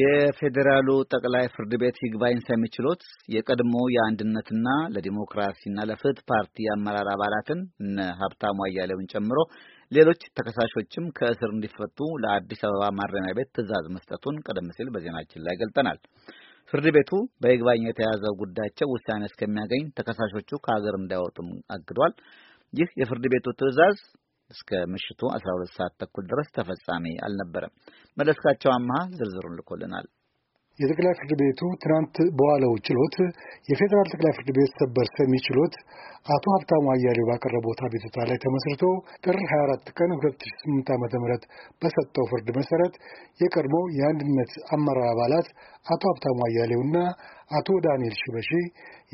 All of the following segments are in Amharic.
የፌዴራሉ ጠቅላይ ፍርድ ቤት ይግባኝ ሰሚ ችሎት የቀድሞ የአንድነትና ለዲሞክራሲና ለፍትህ ፓርቲ አመራር አባላትን እነ ሀብታሙ አያሌውን ጨምሮ ሌሎች ተከሳሾችም ከእስር እንዲፈቱ ለአዲስ አበባ ማረሚያ ቤት ትዕዛዝ መስጠቱን ቀደም ሲል በዜናችን ላይ ገልጠናል። ፍርድ ቤቱ በይግባኝ የተያዘው ጉዳያቸው ውሳኔ እስከሚያገኝ ተከሳሾቹ ከሀገር እንዳይወጡም አግዷል። ይህ የፍርድ ቤቱ ትዕዛዝ እስከ ምሽቱ 12 ሰዓት ተኩል ድረስ ተፈጻሚ አልነበረም። መለስካቸው አመሃ ዝርዝሩን ልኮልናል። የጠቅላይ ፍርድ ቤቱ ትናንት በዋለው ችሎት የፌዴራል ጠቅላይ ፍርድ ቤት ሰበር ሰሚ ችሎት አቶ ሀብታሙ አያሌው ባቀረቡት አቤቱታ ላይ ተመስርቶ ጥር 24 ቀን 2008 ዓ ም በሰጠው ፍርድ መሰረት የቀድሞ የአንድነት አመራር አባላት አቶ ሀብታሙ አያሌውና አቶ ዳንኤል ሽበሺ፣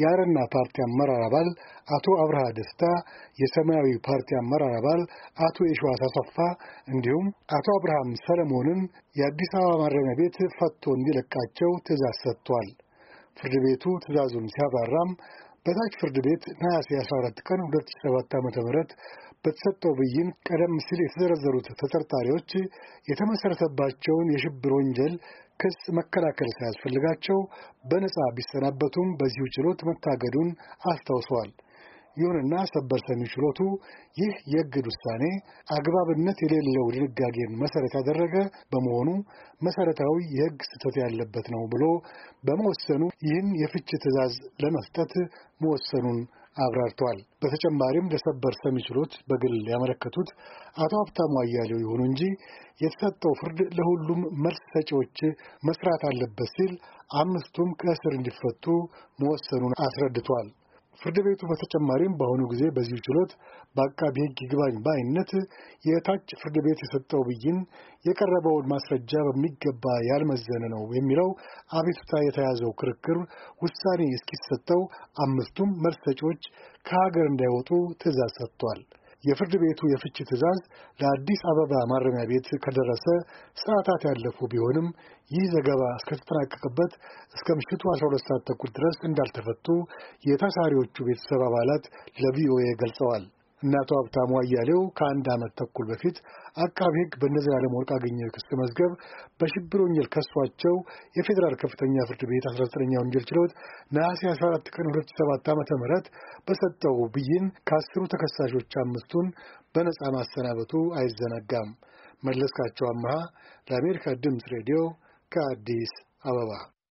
የአረና ፓርቲ አመራር አባል አቶ አብርሃ ደስታ፣ የሰማያዊ ፓርቲ አመራር አባል አቶ የሸዋስ አሰፋ እንዲሁም አቶ አብርሃም ሰለሞንን የአዲስ አበባ ማረሚያ ቤት ፈቶ እንዲለቃቸው ትእዛዝ ሰጥቷል። ፍርድ ቤቱ ትእዛዙን ሲያባራም በታች ፍርድ ቤት ነሐሴ 14 ቀን 2007 ዓ.ም በተሰጠው ብይን ቀደም ሲል የተዘረዘሩት ተጠርጣሪዎች የተመሠረተባቸውን የሽብር ወንጀል ክስ መከላከል ሳያስፈልጋቸው በነጻ ቢሰናበቱም በዚሁ ችሎት መታገዱን አስታውሰዋል። ይሁንና ሰበር ሰሚ ችሎቱ ይህ የእግድ ውሳኔ አግባብነት የሌለው ድንጋጌን መሠረት ያደረገ በመሆኑ መሠረታዊ የሕግ ስህተት ያለበት ነው ብሎ በመወሰኑ ይህን የፍች ትዕዛዝ ለመስጠት መወሰኑን አብራርተዋል። በተጨማሪም ለሰበር ሰሚ ችሎት በግል ያመለከቱት አቶ ሀብታሙ አያሌው ይሁኑ እንጂ የተሰጠው ፍርድ ለሁሉም መልስ ሰጪዎች መስራት አለበት ሲል አምስቱም ከእስር እንዲፈቱ መወሰኑን አስረድቷል። ፍርድ ቤቱ በተጨማሪም በአሁኑ ጊዜ በዚሁ ችሎት በአቃቢ ሕግ ይግባኝ ባይነት የታች ፍርድ ቤት የሰጠው ብይን የቀረበውን ማስረጃ በሚገባ ያልመዘነ ነው የሚለው አቤቱታ የተያዘው ክርክር ውሳኔ እስኪሰጠው አምስቱም መልስ ሰጪዎች ከሀገር እንዳይወጡ ትእዛዝ ሰጥቷል። የፍርድ ቤቱ የፍቺ ትዕዛዝ ለአዲስ አበባ ማረሚያ ቤት ከደረሰ ሰዓታት ያለፉ ቢሆንም ይህ ዘገባ እስከተጠናቀቀበት እስከ ምሽቱ 12 ሰዓት ተኩል ድረስ እንዳልተፈቱ የታሳሪዎቹ ቤተሰብ አባላት ለቪኦኤ ገልጸዋል። እነ አቶ ሀብታሙ አያሌው ከአንድ ዓመት ተኩል በፊት አቃቢ ሕግ በእነ ዘላለም ወርቅአገኘሁ የክስ መዝገብ በሽብር ወንጀል ከሷቸው የፌዴራል ከፍተኛ ፍርድ ቤት 19ኛ ወንጀል ችሎት ነሐሴ 14 ቀን 2007 ዓ ም በሰጠው ብይን ከአስሩ ተከሳሾች አምስቱን በነፃ ማሰናበቱ አይዘነጋም። መለስካቸው አመሃ ለአሜሪካ ድምፅ ሬዲዮ ከአዲስ አበባ